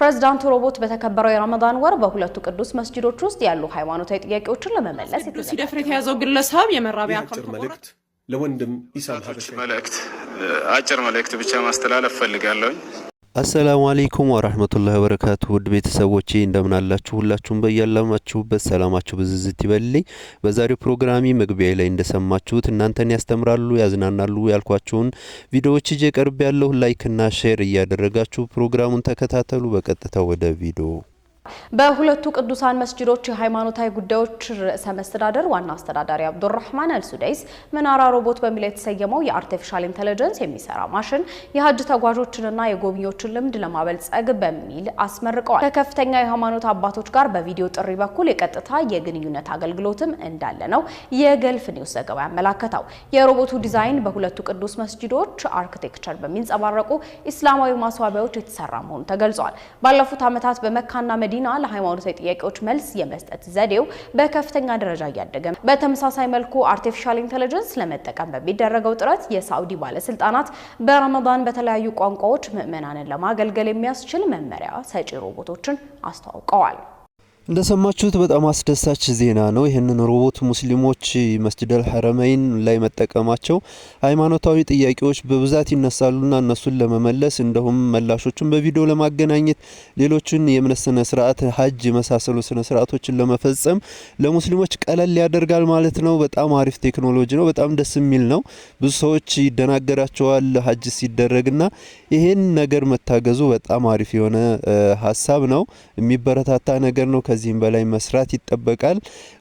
ፕሬዚዳንቱ ሮቦት በተከበረው የረመዳን ወር በሁለቱ ቅዱስ መስጂዶች ውስጥ ያሉ ሃይማኖታዊ ጥያቄዎችን ለመመለስ ሲደፍር የተያዘው ግለሰብ የመራቢያ አካል መልእክት ለወንድም ኢሳ መልእክት አጭር መልእክት ብቻ ማስተላለፍ ፈልጋለሁኝ። አሰላሙ አሌይኩም ወራህመቱላህ ወበረካቱ ውድ ቤተሰቦቼ እንደምን አላችሁ? ሁላችሁም በያላማችሁበት ሰላማችሁ ብዝዝት ይበልልኝ። በዛሬው ፕሮግራሚ መግቢያ ላይ እንደሰማችሁት እናንተን ያስተምራሉ፣ ያዝናናሉ ያልኳቸውን ቪዲዮዎች ይዤ ቀርብ ያለሁ። ላይክና ሼር እያደረጋችሁ ፕሮግራሙን ተከታተሉ። በቀጥታ ወደ ቪዲዮ በሁለቱ ቅዱሳን መስጂዶች የሃይማኖታዊ ጉዳዮች ርዕሰ መስተዳደር ዋና አስተዳዳሪ አብዱራህማን አልሱደይስ ምናራ ሮቦት በሚል የተሰየመው የአርቲፊሻል ኢንቴሊጀንስ የሚሰራ ማሽን የሀጅ ተጓዦችንና የጎብኚዎችን ልምድ ለማበልጸግ በሚል አስመርቀዋል። ከከፍተኛ የሃይማኖት አባቶች ጋር በቪዲዮ ጥሪ በኩል የቀጥታ የግንኙነት አገልግሎትም እንዳለ ነው የገልፍ ኒውስ ዘገባ ያመላከተው። የሮቦቱ ዲዛይን በሁለቱ ቅዱስ መስጂዶች አርክቴክቸር በሚንጸባረቁ ኢስላማዊ ማስዋቢያዎች የተሰራ መሆኑ ተገልጿል። ባለፉት ዓመታት በመካና መዲ መዲና ለሃይማኖታዊ ጥያቄዎች መልስ የመስጠት ዘዴው በከፍተኛ ደረጃ እያደገ፣ በተመሳሳይ መልኩ አርቲፊሻል ኢንቴሊጀንስ ለመጠቀም በሚደረገው ጥረት የሳውዲ ባለስልጣናት በረመዳን በተለያዩ ቋንቋዎች ምዕመናንን ለማገልገል የሚያስችል መመሪያ ሰጪ ሮቦቶችን አስተዋውቀዋል። እንደሰማችሁት በጣም አስደሳች ዜና ነው። ይህንን ሮቦት ሙስሊሞች መስጅድ አልሐረመይን ላይ መጠቀማቸው ሃይማኖታዊ ጥያቄዎች በብዛት ይነሳሉና እነሱን ለመመለስ እንደሁም መላሾቹን በቪዲዮ ለማገናኘት ሌሎችን የእምነት ስነ ስርዓት ሀጅ የመሳሰሉ ስነ ስርዓቶችን ለመፈጸም ለሙስሊሞች ቀለል ያደርጋል ማለት ነው። በጣም አሪፍ ቴክኖሎጂ ነው። በጣም ደስ የሚል ነው። ብዙ ሰዎች ይደናገራቸዋል ሀጅ ሲደረግና ይሄን ነገር መታገዙ በጣም አሪፍ የሆነ ሀሳብ ነው። የሚበረታታ ነገር ነው። ከዚህም በላይ መስራት ይጠበቃል።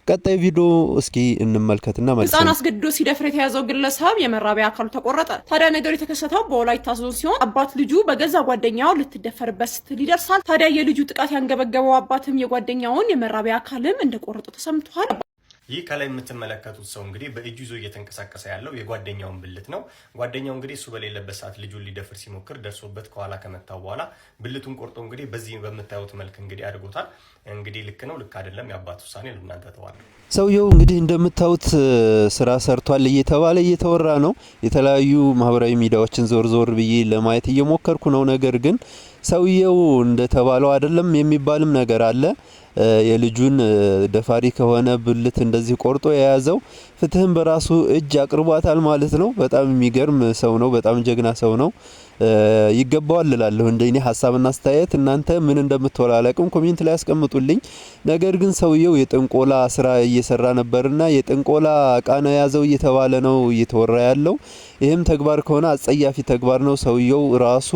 ቀጣይ ቪዲዮ እስኪ እንመልከትና ማለት ህፃን አስገድዶ ሲደፍር የተያዘው ግለሰብ የመራቢያ አካሉ ተቆረጠ። ታዲያ ነገሩ የተከሰተው በወላይታ ዞን ሲሆን አባት ልጁ በገዛ ጓደኛው ልትደፈርበት ስትል ይደርሳል። ታዲያ የልጁ ጥቃት ያንገበገበው አባትም የጓደኛውን የመራቢያ አካልም እንደቆረጠው ተሰምቷል። ይህ ከላይ የምትመለከቱት ሰው እንግዲህ በእጁ ይዞ እየተንቀሳቀሰ ያለው የጓደኛውን ብልት ነው። ጓደኛው እንግዲህ እሱ በሌለበት ሰዓት ልጁን ሊደፍር ሲሞክር ደርሶበት ከኋላ ከመታው በኋላ ብልቱን ቆርጦ እንግዲህ በዚህ በምታዩት መልክ እንግዲህ አድርጎታል። እንግዲህ ልክ ነው ልክ አይደለም፣ የአባት ውሳኔ ለእናንተ ተዋል። ሰውየው እንግዲህ እንደምታዩት ስራ ሰርቷል እየተባለ እየተወራ ነው። የተለያዩ ማህበራዊ ሚዲያዎችን ዞር ዞር ብዬ ለማየት እየሞከርኩ ነው ነገር ግን ሰውየው እንደተባለው አይደለም የሚባልም ነገር አለ። የልጁን ደፋሪ ከሆነ ብልት እንደዚህ ቆርጦ የያዘው ፍትህን በራሱ እጅ አቅርቧታል ማለት ነው። በጣም የሚገርም ሰው ነው። በጣም ጀግና ሰው ነው። ይገባዋል እላለሁ። እንደኔ ሀሳብና አስተያየት እናንተ ምን እንደምትወላለቅም ኮሜንት ላይ ያስቀምጡልኝ። ነገር ግን ሰውየው የጥንቆላ ስራ እየሰራ ነበርና የጥንቆላ እቃ ነው የያዘው እየተባለ ነው እየተወራ ያለው። ይህም ተግባር ከሆነ አጸያፊ ተግባር ነው። ሰውየው ራሱ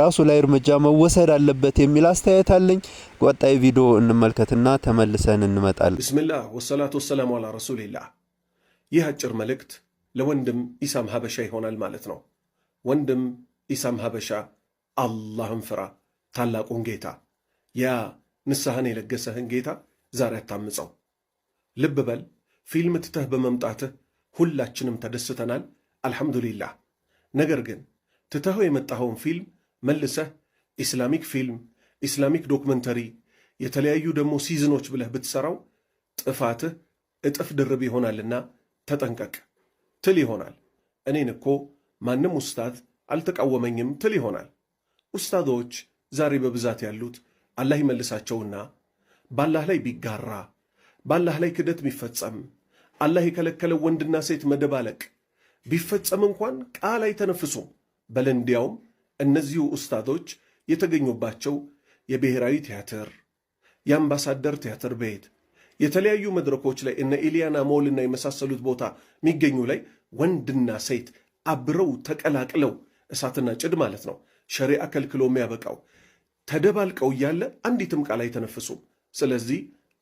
ራሱ ላይ እርምጃ መወሰድ አለበት የሚል አስተያየት አለኝ። ቀጣይ ቪዲዮ እንመልከትና ተመልሰን እንመጣለን። ብስምላ ወሰላቱ ወሰላሙ አላ ረሱሊላህ። ይህ አጭር መልእክት ለወንድም ኢሳም ሀበሻ ይሆናል ማለት ነው። ወንድም ኢሳም ሀበሻ አላህን ፍራ፣ ታላቁን ጌታ፣ ያ ንስሐን የለገሰህን ጌታ ዛሬ አታምፀው። ልብ በል ፊልም ትተህ በመምጣትህ ሁላችንም ተደስተናል፣ አልሐምዱሊላህ። ነገር ግን ትተኸው የመጣኸውን ፊልም መልሰህ ኢስላሚክ ፊልም፣ ኢስላሚክ ዶክመንተሪ፣ የተለያዩ ደግሞ ሲዝኖች ብለህ ብትሠራው ጥፋትህ እጥፍ ድርብ ይሆናልና ተጠንቀቅ ትል ይሆናል። እኔን እኮ ማንም ኡስታዝ አልተቃወመኝም ትል ይሆናል። ኡስታዞች ዛሬ በብዛት ያሉት አላህ ይመልሳቸውና ባላህ ላይ ቢጋራ፣ ባላህ ላይ ክደት ቢፈጸም፣ አላህ የከለከለው ወንድና ሴት መደባለቅ ቢፈጸም እንኳን ቃል አይተነፍሱም። በለ። እንዲያውም እነዚሁ ኡስታዞች የተገኙባቸው የብሔራዊ ቲያትር፣ የአምባሳደር ቲያትር ቤት፣ የተለያዩ መድረኮች ላይ እነ ኢልያና ሞልና የመሳሰሉት ቦታ የሚገኙ ላይ ወንድና ሴት አብረው ተቀላቅለው እሳትና ጭድ ማለት ነው። ሸሪ ከልክሎ የሚያበቃው ተደባልቀው እያለ አንዲትም ቃል አይተነፍሱም። ስለዚህ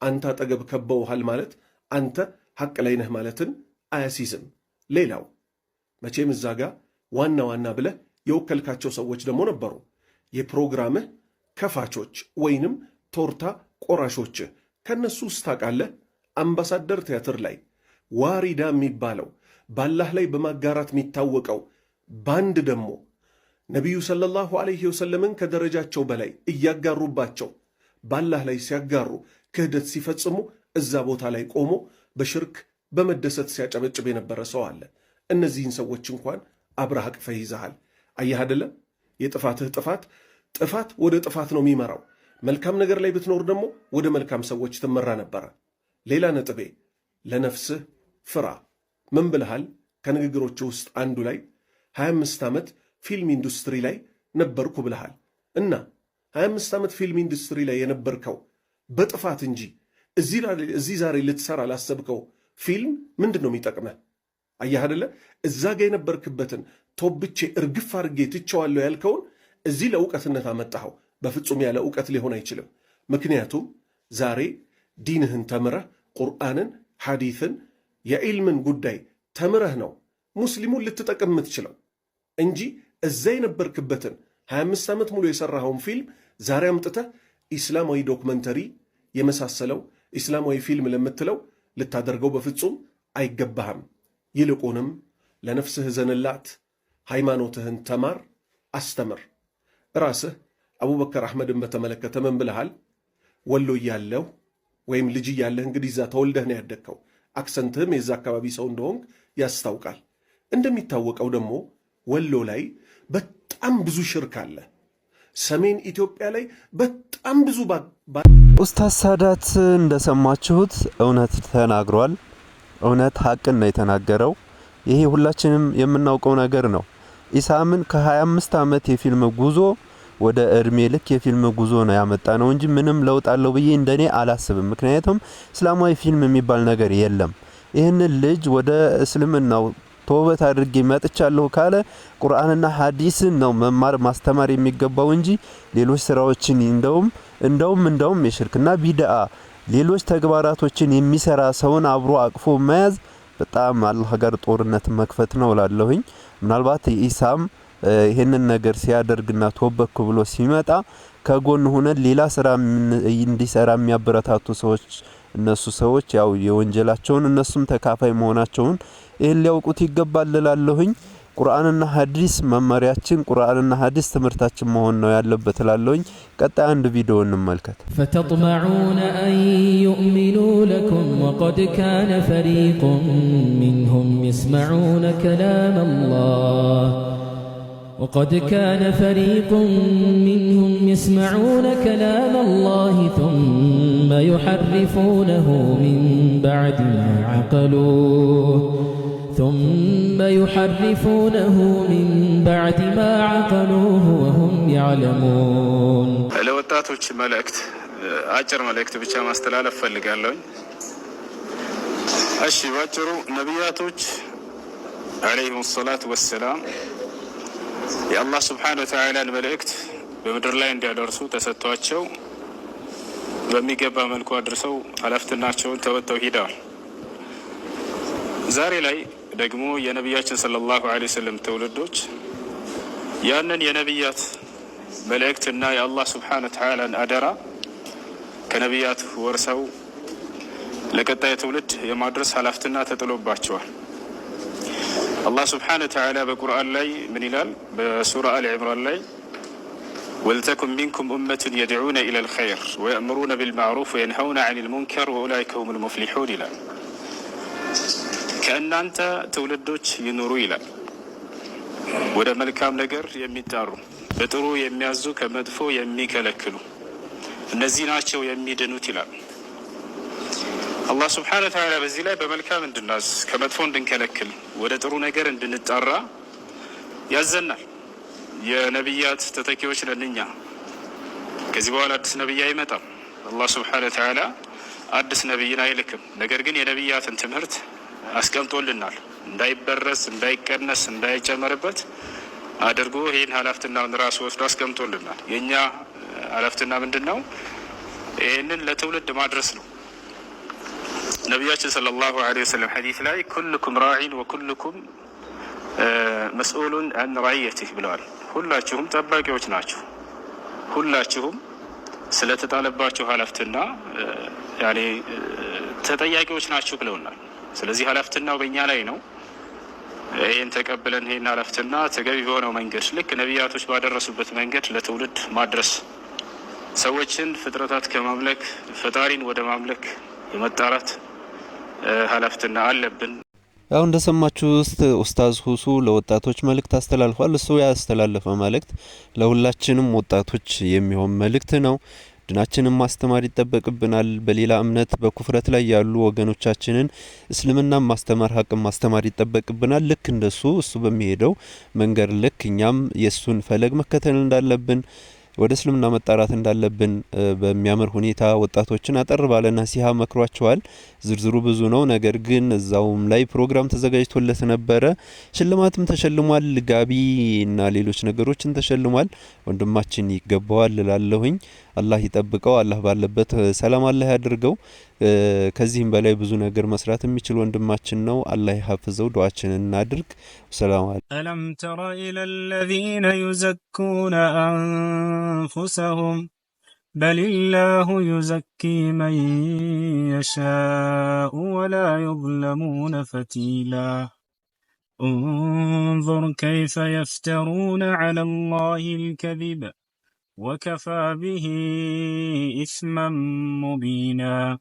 አንተ አጠገብ ከበውሃል ማለት አንተ ሐቅ ላይ ነህ ማለትን አያሲዝም። ሌላው መቼም እዛ ጋ ዋና ዋና ብለህ የወከልካቸው ሰዎች ደግሞ ነበሩ የፕሮግራምህ ከፋቾች ወይንም ቶርታ ቆራሾች። ከእነሱ ውስጥ ታውቃለህ አምባሳደር ቲያትር ላይ ዋሪዳ የሚባለው በአላህ ላይ በማጋራት የሚታወቀው ባንድ ደግሞ ነቢዩ ሰለላሁ ዐለይሂ ወሰለምን ከደረጃቸው በላይ እያጋሩባቸው በአላህ ላይ ሲያጋሩ ክህደት ሲፈጽሙ እዛ ቦታ ላይ ቆሞ በሽርክ በመደሰት ሲያጨበጭብ የነበረ ሰው አለ። እነዚህን ሰዎች እንኳን አብረህ አቅፈህ ይዘሃል። አየህ አደለም? የጥፋትህ ጥፋት ጥፋት ወደ ጥፋት ነው የሚመራው። መልካም ነገር ላይ ብትኖር ደግሞ ወደ መልካም ሰዎች ትመራ ነበረ። ሌላ ነጥቤ ለነፍስህ ፍራ። ምን ብልሃል? ከንግግሮች ውስጥ አንዱ ላይ 25 ዓመት ፊልም ኢንዱስትሪ ላይ ነበርኩ ብልሃል እና 25 ዓመት ፊልም ኢንዱስትሪ ላይ የነበርከው በጥፋት እንጂ እዚህ ዛሬ ልትሰራ ላሰብከው ፊልም ምንድን ነው የሚጠቅመህ? አየህ አደለ? እዛ ጋ የነበርክበትን ቶብቼ እርግፍ አድርጌ ትቸዋለሁ ያልከውን እዚህ ለእውቀትነት አመጣኸው። በፍጹም ያለ እውቀት ሊሆን አይችልም። ምክንያቱም ዛሬ ዲንህን ተምረህ ቁርአንን ሐዲትን የዒልምን ጉዳይ ተምረህ ነው ሙስሊሙን ልትጠቅም የምትችለው እንጂ እዛ የነበርክበትን 25 ዓመት ሙሉ የሠራኸውን ፊልም ዛሬ አምጥተህ ኢስላማዊ ዶክመንተሪ የመሳሰለው ኢስላማዊ ፊልም ለምትለው ልታደርገው በፍጹም አይገባህም። ይልቁንም ለነፍስህ ዘንላት፣ ሃይማኖትህን ተማር፣ አስተምር። ራስህ አቡበከር አሕመድን በተመለከተ ምን ብለሃል? ወሎ እያለሁ ወይም ልጅ እያለህ እንግዲህ እዛ ተወልደህ ነው ያደግከው አክሰንትህም የዛ አካባቢ ሰው እንደሆንክ ያስታውቃል። እንደሚታወቀው ደግሞ ወሎ ላይ በጣም ብዙ ሽርክ አለ። ሰሜን ኢትዮጵያ ላይ በጣም ብዙ ኡስታዝ ሳዳት እንደሰማችሁት እውነት ተናግሯል። እውነት ሀቅን ነው የተናገረው። ይሄ ሁላችንም የምናውቀው ነገር ነው። ኢሳምን ከ25 ዓመት የፊልም ጉዞ ወደ እድሜ ልክ የፊልም ጉዞ ነው ያመጣ ነው እንጂ ምንም ለውጥ አለው ብዬ እንደኔ አላስብም። ምክንያቱም እስላማዊ ፊልም የሚባል ነገር የለም። ይህንን ልጅ ወደ እስልምናው ተውበት አድርጌ መጥቻለሁ ካለ ቁርአንና ሀዲስን ነው መማር ማስተማር የሚገባው እንጂ ሌሎች ስራዎችን እንደውም እንደውም እንደውም የሽርክና ቢድአ ሌሎች ተግባራቶችን የሚሰራ ሰውን አብሮ አቅፎ መያዝ በጣም አላህ ጋር ጦርነት መክፈት ነው እላለሁኝ። ምናልባት ኢሳም ይህንን ነገር ሲያደርግና ተወበክ ብሎ ሲመጣ ከጎን ሆነን ሌላ ስራ እንዲሰራ የሚያበረታቱ ሰዎች እነሱ ሰዎች ያው የወንጀላቸውን እነሱም ተካፋይ መሆናቸውን ይህን ሊያውቁት ይገባል እላለሁኝ። ቁርአንና ሀዲስ መመሪያችን፣ ቁርአንና ሀዲስ ትምህርታችን መሆን ነው ያለበት እላለሁኝ። ቀጣይ አንድ ቪዲዮ እንመልከት። ፈተጥመዑነ አን ዩእሚኑ ለኩም ወቀድ ካነ ፈሪቁም ሚንሁም የስመዑነ ከላመ አላህ وقد كان فريق منهم يسمعون كلام الله ثم يحرفونه من بعد ما عقلوه ثم يحرفونه من بعد ما عقلوه وهم يعلمون لو تاتوش ملكت اجر ملكت بشا ما استلالف فلقالون اشي باجروا نبياتوش عليهم الصلاة والسلام የአላህ ስብሓነ ወተዓላን መልእክት በምድር ላይ እንዲያደርሱ ተሰጥቷቸው በሚገባ መልኩ አድርሰው ኃላፊነታቸውን ተወጥተው ሂደዋል። ዛሬ ላይ ደግሞ የነቢያችን ሰለላሁ ዐለይሂ ወሰለም ትውልዶች ያንን የነቢያት መልእክትና የአላህ ስብሓነ ወተዓላን አደራ ከነቢያት ወርሰው ለቀጣይ ትውልድ የማድረስ ኃላፊነት ተጥሎባቸዋል። አላህ ስብሓነ ወተዓላ በቁርአን ላይ ምን ይላል? በሱራ አል ዕምራን ላይ ወልተኩን ሚንኩም ኡመቱን የድዑነ ኢለል ኸይር ወየእምሩነ ቢልማዕሩፍ ወየንሀውነ ዐኒል ሙንከር ወኡላኢከ ሁሙል ሙፍሊሑን ይላል። ከእናንተ ትውልዶች ይኑሩ ይላል። ወደ መልካም ነገር የሚጣሩ በጥሩ የሚያዙ ከመጥፎ የሚከለክሉ እነዚህ ናቸው የሚድኑት ይላል። አላህ ስብሓነ ወተዓላ በዚህ ላይ በመልካም እንድናዝ ከመጥፎ እንድንከለክል ወደ ጥሩ ነገር እንድንጣራ ያዘናል። የነቢያት ተተኪዎች ነን ከዚህ በኋላ አዲስ ነቢይ አይመጣም። አላህ ስብሓነ ወተዓላ አዲስ ነቢይን አይልክም። ነገር ግን የነቢያትን ትምህርት አስቀምጦልናል እንዳይበረስ፣ እንዳይቀነስ፣ እንዳይጨመርበት አድርጎ ይህን ኃላፊነቱን ራሱ ወስዶ አስቀምጦልናል። የእኛ ኃላፊነት ምንድን ነው? ይህንን ለትውልድ ማድረስ ነው። ነቢያችን ሰለላሁ ዐለይሂ ወሰለም ሐዲስ ላይ ኩልኩም ራዒን ወኩልኩም መስኡሉን አን ራዕየትህ ብለዋል። ሁላችሁም ጠባቂዎች ናችሁ፣ ሁላችሁም ስለተጣለባቸው ሀላፍትና ያኔ ተጠያቂዎች ናችሁ ብለውናል። ስለዚህ ኃላፍትናው በእኛ ላይ ነው። ይህን ተቀብለን ይህን ሀላፍትና ተገቢ በሆነው መንገድ ልክ ነቢያቶች ባደረሱበት መንገድ ለትውልድ ማድረስ ሰዎችን ፍጥረታት ከማምለክ ፈጣሪን ወደ ማምለክ የመጣራት ኃላፊትና አለብን። ያው እንደሰማችሁ ውስጥ ኡስታዝ ሁሱ ለወጣቶች መልእክት አስተላልፏል። እሱ ያስተላለፈ መልእክት ለሁላችንም ወጣቶች የሚሆን መልእክት ነው። ድናችንን ማስተማር ይጠበቅብናል። በሌላ እምነት በኩፍረት ላይ ያሉ ወገኖቻችንን እስልምና ማስተማር ሀቅም ማስተማር ይጠበቅብናል። ልክ እንደሱ እሱ በሚሄደው መንገድ ልክ እኛም የእሱን ፈለግ መከተል እንዳለብን ወደ እስልምና መጣራት እንዳለብን በሚያምር ሁኔታ ወጣቶችን አጠር ባለ ነሲሃ መክሯቸዋል። ዝርዝሩ ብዙ ነው። ነገር ግን እዛውም ላይ ፕሮግራም ተዘጋጅቶለት ነበረ። ሽልማትም ተሸልሟል። ጋቢ እና ሌሎች ነገሮችን ተሸልሟል። ወንድማችን ይገባዋል እላለሁኝ። አላህ ይጠብቀው። አላህ ባለበት ሰላም አላህ ያድርገው። ከዚህም በላይ ብዙ ነገር መስራት የሚችል ወንድማችን ነው። አላህ ይሐፍዘው። ዱዓችንን እናድርግ። ሰላም አለ አለም ተራ ኢላ الذين يزكون انفسهم بل الله يزكي من يشاء ولا يظلمون فتيلا انظر كيف يفترون على الله الكذب وكفى به إثما مبينا